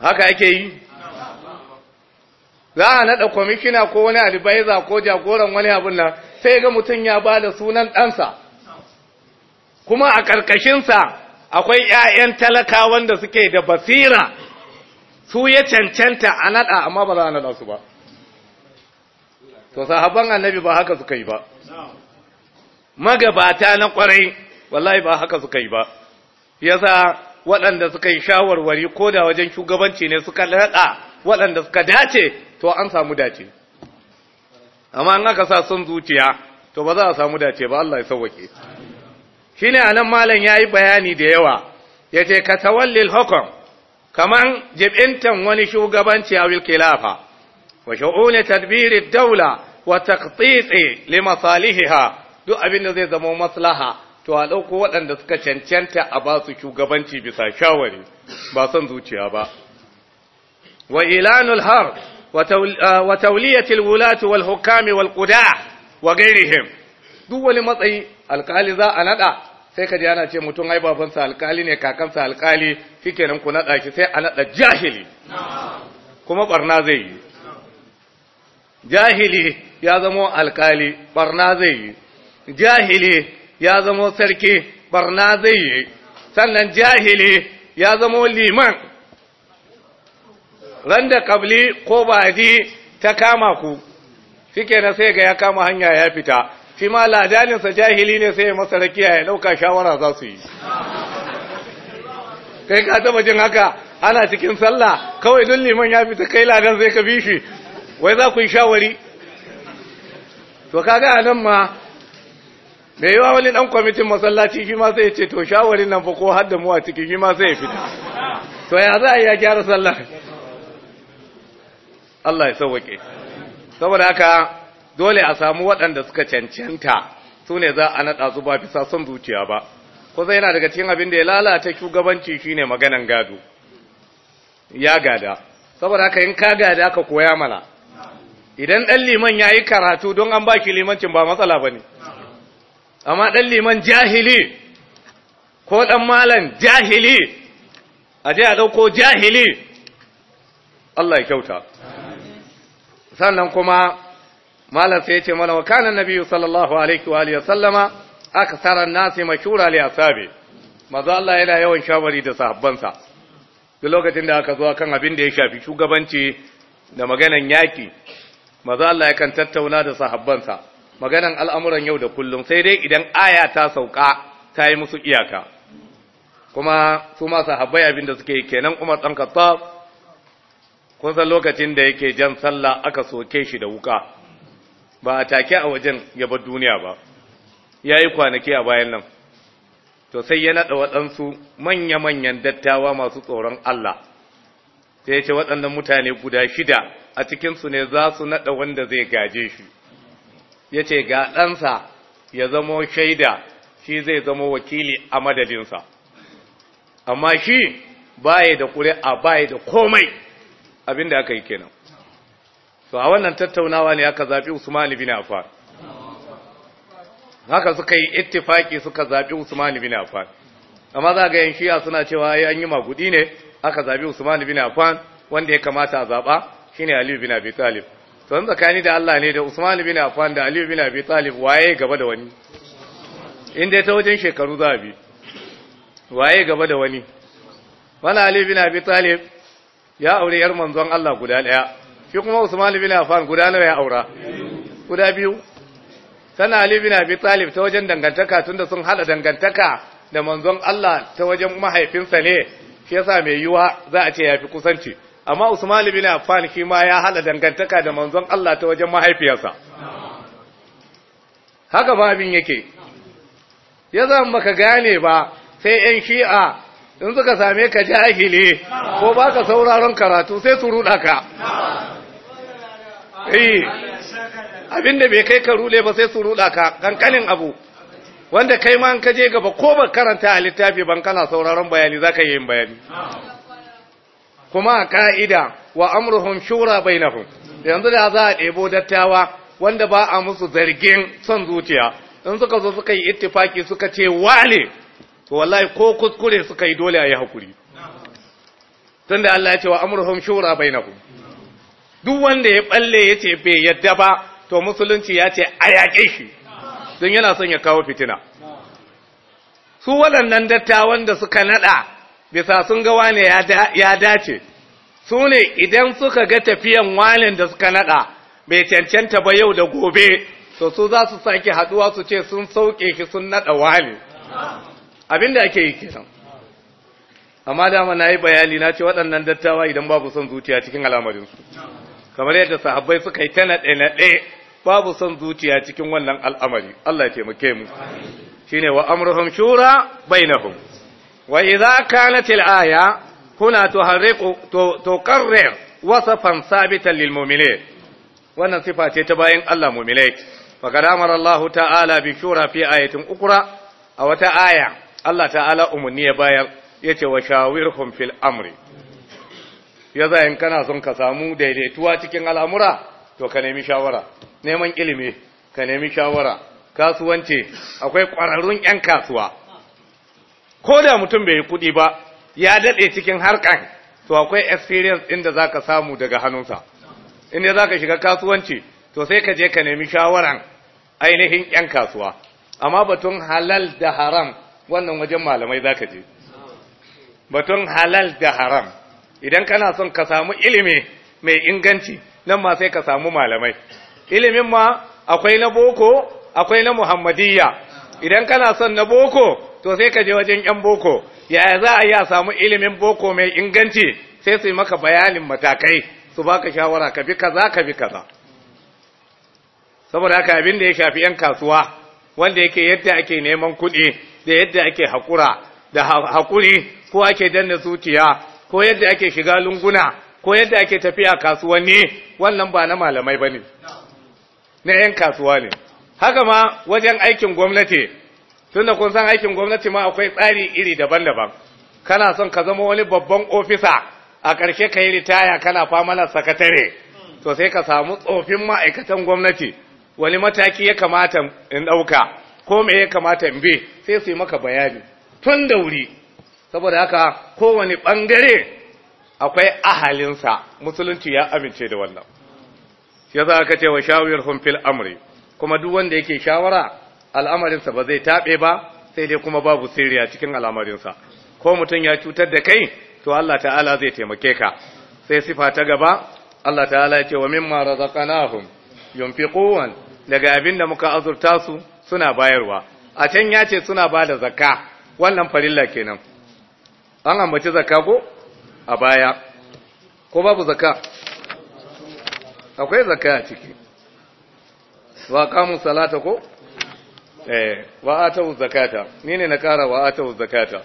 haka ake yi za a naɗa kwamishina ko wani alibaiza ko jagoran wani abun nan sai ga mutum ya bada sunan ɗansa kuma a ƙarƙashinsa akwai ‘ya'yan talaka wanda suke da basira su ya cancanta a naɗa amma ba za a naɗa su ba to sahabban annabi ba haka suka yi ba magabata na kwarai wallahi ba haka suka yi ba yasa waɗanda suka yi shawarwari ko da wajen shugabanci ne suka lada waɗanda suka dace to an samu dace amma an aka sa sun zuciya to ba za a samu dace ba Allah ya sauke shine anan malam yayi bayani da yawa yace ka tawallil hukum kaman jibintan wani shugabanci a wil khilafa wa shu'un tadbirid dawla wa taqtiti li masalihiha duk abin da zai zama maslaha to a ɗauko waɗanda suka cancanta a basu shugabanci bisa shawari ba son zuciya ba wa ilanul har wa tawliyatil ah, wulati wal hukami wa ghairihim duk wani matsayi alkali za a naɗa. sai ka ji ce mutum ai babansa alkali ne kakansa alkali shikenan ku nada shi sai a nada jahili kuma barna zai yi jahili ya zamo alkali barna zai yi jahili ya zama sarki barna zai yi sannan jahili ya zama liman randa kabli ko baji ta kama ku shike na sai ga ya kama hanya ya fita shi ma ladaninsa jahili ne sai ya masa ya dauka shawara za su yi kai ka taba jin haka ana cikin sallah kawai don liman ya fita kai ladan zai ka bi shi wai za ku yi shawari to kaga anan ma mai wa wani dan kwamitin masallaci shi ma sai ya ce to shawarin nan fa ko har da mu a ciki shi ma sai ya fita to ya za a yi ya gyara sallah Allah ya sauke saboda haka dole a samu waɗanda suka cancanta su ne za a naɗa su ba bisa son zuciya ba ko zai yana daga cikin abin da ya lalata shugabanci shine maganan gado ya gada saboda haka in ka gada ka koya mana idan ɗan liman ya yi karatu don an ba ki limancin ba matsala ba ne amma ɗan liman jahili ko ɗan malan jahili a je a ɗauko jahili Allah ya kyauta sannan kuma malam sai ce mana wa kanan biyu sallallahu alaihi wa sallama aka tsaran nasi mashura liya sabi maza Allah yana yawan shawari da sahabbansa duk lokacin da aka zo kan abin da ya shafi shugabanci da maganan yaki maza Allah kan tattauna da sahabbansa maganan al'amuran yau da kullum sai dai idan aya ta sauka ta yi musu iyaka kuma su ma abin da suke kenan Umar dan Khattab kun san lokacin da yake jan sallah aka soke shi da wuka ba a take a wajen ya bar duniya ba yayi kwanaki a bayan nan to sai ya naɗa waɗansu manya-manyan dattawa masu tsoron Allah sai ya ce waɗannan mutane guda shida a cikinsu ne za su naɗa wanda zai gaje shi ya ce ga ɗansa ya zamo shaida shi zai zamo wakili a madadinsa amma shi baye da ƙuri'a baye da komai abinda aka yi kenan so a wannan tattaunawa ne aka zaɓi usman bin affan haka suka yi ittifaki suka zaɓi usman bin affan amma za ga yan shi'a suna cewa ya yi magudi ne aka zaɓi usman bin affan wanda ya kamata a zaɓa shine Ali bin Abi Talib san tsakani da Allah ne da Usman bin Affan da Ali bin Abi Talib waye gaba da wani in dai ta wajen shekaru za bi waye gaba da wani wala Ali bin Abi Talib ya aure yar manzon Allah guda daya shi kuma Usman bin Affan guda nawa ya aura guda biyu sana Ali bin Abi Talib ta wajen dangantaka tunda sun hada dangantaka da manzon Allah ta wajen mahaifinsa ne shi yasa mai yuwa za a ce yafi kusanci amma Usman ibn Affan shi ma ya hada dangantaka da manzon Allah ta wajen mahaifiyarsa haka babin yake ya zan baka gane ba sai yan shi'a in suka same ka jahili ko baka sauraron karatu sai su ruɗa ka eh, abinda bai kai ka rule ba sai su ruɗa ka kankanin abu wanda kai ma an kaje gaba ko ba karanta a littafi ban kana sauraron bayani zaka yi yin bayani kuma a ka'ida wa amruhum shura bainahum yanzu da za a ɗebo dattawa wanda ba a musu zargin son zuciya in suka zo suka yi ittifaki suka ce wale to wallahi ko kuskure suka yi dole a hakuri tunda Allah ya ce wa amruhum shura bainahum duk wanda ya balle ya ce bai yadda ba to musulunci ya ce a yaƙe shi don yana son ya kawo fitina su waɗannan dattawan da suka naɗa bisa sun ga wane ya dace su ne idan suka ga tafiyan wane da suka naɗa bai cancanta ba yau da gobe to su za su sake haɗuwa su ce sun sauƙe ki sun naɗa wane abinda ake yi kiran amma dama na yi bayani na ce waɗannan dattawa idan babu son zuciya cikin al'amarinsu kamar yadda sahabbai suka yi ta naɗe-naɗe babu son zuciya cikin wannan al'amari Allah ya taimake mu shine wa amruhum shura bainahum wa idza kanat al-aya huna tuharriqu tuqarrir wasfan sabitan lil mu'minin wannan sifa ce ta bayan Allah mu'minai faqad amara Allah ta'ala bi shura fi ayatin ukra a wata aya Allah ta'ala umarni ya bayar yace wa shawirhum fil amri ya zayin kana son ka samu daidaituwa cikin al'amura to ka nemi shawara neman ilimi ka nemi shawara kasuwanci akwai ƙwararrun 'yan kasuwa ko da mutum bai yi kuɗi ba ya daɗe cikin harkan to akwai experience ɗin da ka samu daga hannunsa in za ka shiga kasuwanci to sai ka je ka nemi shawaran ainihin ƴan kasuwa amma batun halal da haram wannan wajen malamai za ka je batun halal da haram idan kana son ka samu ilimi mai inganci nan ma sai ka samu malamai ilimin ma akwai na boko akwai na muhammadiyya idan kana son na boko to sai ka je wajen yan boko yaya za a yi a samu ilimin boko mai inganci sai su yi maka bayanin matakai su ba ka shawara ka bi kaza ka bi kaza saboda haka abin da ya shafi yan kasuwa wanda yake yadda ake neman kuɗi da yadda ake hakura da hakuri ko ake danna zuciya ko yadda ake shiga lunguna ko yadda ake tafiya kasuwanni wannan ba na malamai bane na yan kasuwa ne haka ma wajen aikin gwamnati tunda kun san aikin gwamnati ma akwai tsari iri daban-daban kana son ka zama wani babban ofisa a ƙarshe ka yi ritaya kana famala sakatare to sai ka samu tsofin ma'aikatan gwamnati wani mataki ya kamata in ɗauka ko me ya kamata in bi sai su yi maka bayani tun da wuri saboda haka kowane ɓangare akwai ahalinsa musulunci ya amince da wannan ya za ka ce wa shawir fil amri kuma duk wanda yake shawara al'amarinsa ba zai taɓe ba sai dai kuma babu sirri a cikin al'amarinsa ko mutum ya cutar da kai to Allah ta'ala zai taimake ka sai sifa ta gaba Allah ta'ala ya ce wa mimma razaqnahum yunfiqun daga abin da muka azurta su suna bayarwa a can ya ce suna ba da zakka wannan farilla kenan an ambaci zakka ko a baya ko babu zakka akwai zakka a ciki wa qamu salata ko eh wa atu zakata ni ne na kara wa atu zakata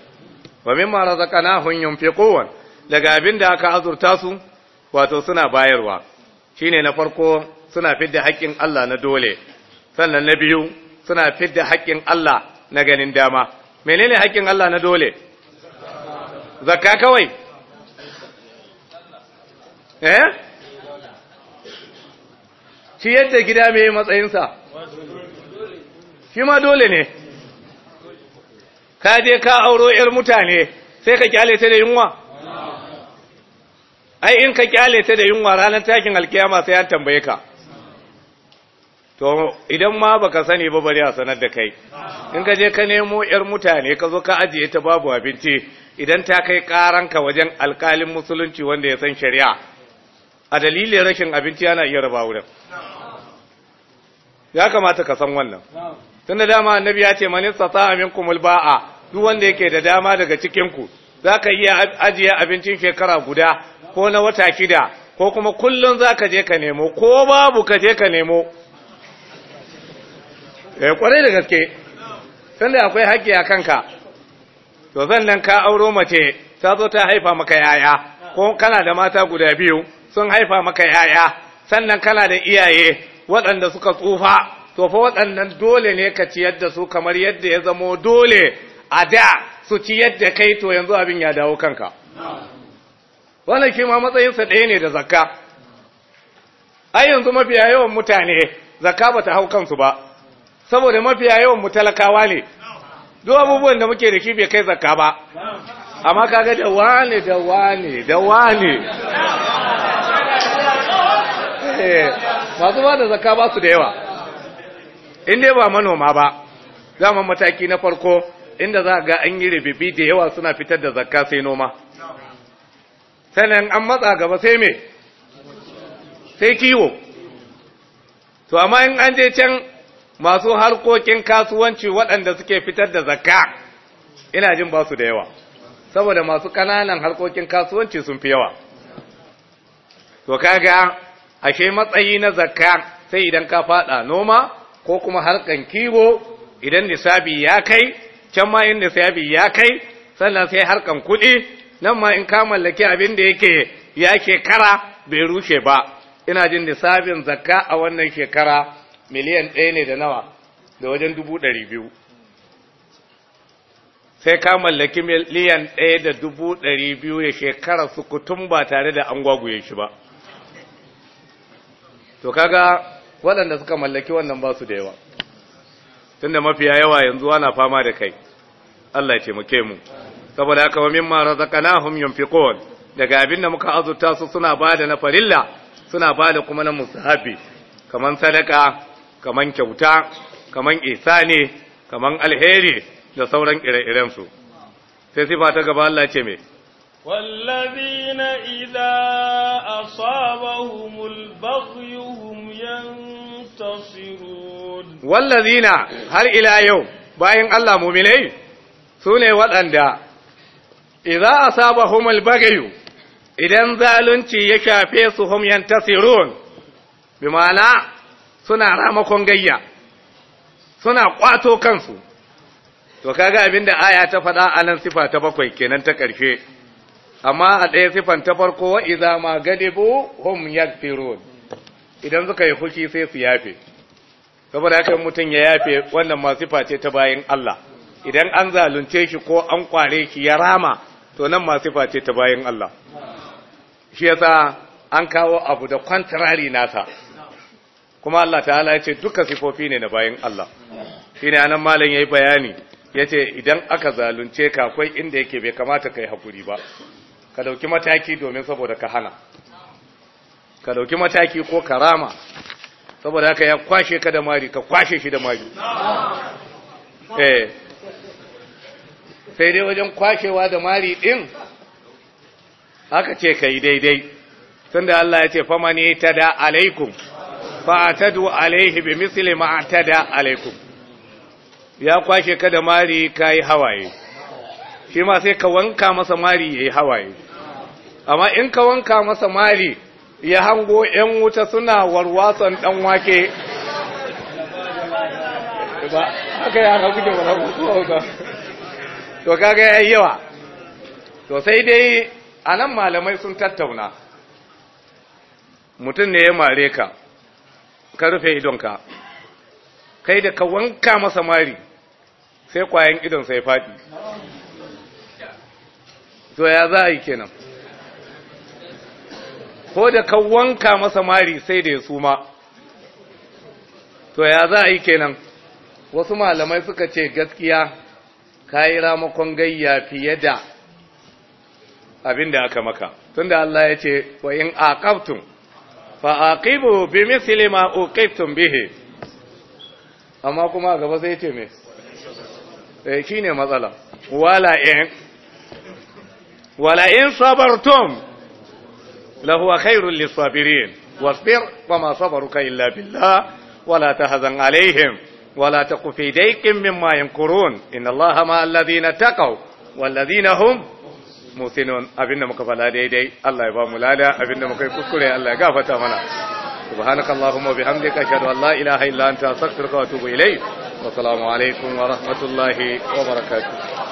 wa mimma razaqnahum yunfiqun daga abinda aka azurta su wato suna bayarwa shine na farko suna fidda haƙƙin Allah na dole sannan na biyu suna fidda haƙƙin Allah na ganin dama menene haƙƙin Allah na dole zakka kawai eh shi yadda gida mai matsayinsa shi ma dole ne ka je ka auro 'yar mutane sai ka kyale ta da yunwa ai in ka kyale ta da yunwa ranar takin alkiyama sai an tambaye ka to idan ma baka sani ba bari a sanar da kai in ka je ka nemo 'yar mutane ka zo ka ajiye ta babu abinci idan ta kai karanka wajen alkalin musulunci wanda ya san shari'a a dalilin rashin abinci yana iya raba wurin ya kamata ka san wannan tun da dama annabi ya ce man amin minkum ba'a duk wanda yake da dama daga cikin ku zaka iya ajiye abincin shekara guda ko na wata shida ko kuma kullun zaka je ka nemo ko babu ka je ka nemo eh kwarai da gaske tun da akwai haƙƙi a kanka to zan nan ka auro mace ta zo ta haifa maka yaya ko kana da mata guda biyu sun haifa maka yaya sannan kana da iyaye waɗanda suka tsufa to fa waɗannan dole ne ka ciyar da su kamar yadda ya zamo dole a da su ciyar da kai to yanzu abin ya dawo kanka wannan shi ma matsayinsa ɗaya ne da zakka ai yanzu mafiya yawan mutane zakka ba ta hau kansu ba saboda mafiya yawan mu talakawa ne duk abubuwan da muke da shi bai kai zakka ba amma kaga da wane da wane da wane eh. masu ba da zaka ba su da yawa in dai ba manoma ba zaman mataki na farko inda za ga an yi rabibi da yawa suna fitar da zakka sai noma sannan an matsa gaba sai me sai kiwo to amma in an je can masu harkokin kasuwanci waɗanda suke fitar da zakka ina jin ba su da yawa saboda masu ƙananan harkokin kasuwanci sun fi yawa to kaga ashe matsayi na zakka sai idan ka fada noma ko kuma harkan kiwo idan nisabi ya kai can ma in nisabi ya kai sannan sai harkan kuɗi nan ma in ka mallaki abin da yake ya shekara bai rushe ba ina jin nisabin zakka a wannan shekara miliyan ɗaya ne da nawa da wajen dubu ɗari biyu sai ka mallaki miliyan ɗaya da dubu ɗari biyu ya shekara su tun ba tare da an gwaguye shi ba to kaga waɗanda suka mallaki wannan ba su da yawa tunda mafiya yawa yanzu ana fama da kai Allah ya taimake mu saboda haka wa mimma razaqnahum yunfiqun daga abin da muka azurta su suna bada na farilla suna ba da kuma na musahabi kaman sadaka kaman kyauta kaman ihsani kaman alheri da sauran ire-iren su sai sifa ta gaba Allah ce me والذين إذا أصابهم البغي هم ينتصرون والذين هل إلى يوم باين الله مؤمنين سوني والأنداء إذا أصابهم البغي إذا ذالنتي يكافيسهم ينتصرون بمعنى suna ramakon gayya suna kwato kansu to kaga abinda aya ta faɗa a nan sifa ta bakwai kenan ta ƙarshe amma a ɗaya sifan ta farko wa iza ma gadibu hum yaghfirun idan suka yi fushi sai su yafe saboda haka mutum ya yafe wannan ma sifa ce ta bayan Allah idan an zalunce shi ko an kware shi ya rama to nan ma sifa ce ta bayan Allah shi yasa an kawo abu da contrary nasa kuma Allah ta'ala ya ce duka sifofi ne na bayan Allah ne anan malam yi bayani yace idan aka zalunce ka akwai inda yake bai kamata ka yi hakuri ba ka dauki mataki domin saboda ka hana ka dauki mataki ko karama saboda haka ya kwashe ka da mari ka kwashe shi da mari eh sai dai wajen kwashewa da mari din haka ce kai daidai tunda Allah ya ce famani tada alaikum fa atadu alaihi bi misli ma atada alaikum ya kwashe ka da mari kai hawaye shi ma sai ka wanka masa mari ya yi hawaye amma in ka wanka masa mari ya hango ‘yan wuta suna warwatsan ɗan wake ba haka kuke to kaga ya yi yawa to sai dai a nan malamai sun tattauna mutum ne ya mare ka ka rufe idonka kai da ka wanka masa mari sai kwayan idon sai faɗi to ya za a yi kenan ko da ka wanka masa mari sai da ya suma to ya za a yi kenan wasu malamai suka ce gaskiya ka yi ramakon gayya fiye da abin da aka maka tunda Allah ya ce wa in aqabtum fa aqibu bi misli ma uqibtum bihi amma kuma gaba sai ya ce me eh shine matsala wala in wala in sabartun lahuwa khairul lisabirin wasbir wa ma sabaruka illa billah wala tahzan alaihim wala taqu fi dayqin mimma yankurun inna allaha ma alladhina taqaw walladhina hum musinun abinda muka fala daidai Allah ba mu lada abinda muka yi kuskure Allah ya gafarta mana subhanakallahumma bihamdika ashhadu an la ilaha illa anta astaghfiruka wa atubu wa alaikum wa rahmatullahi wa barakatuh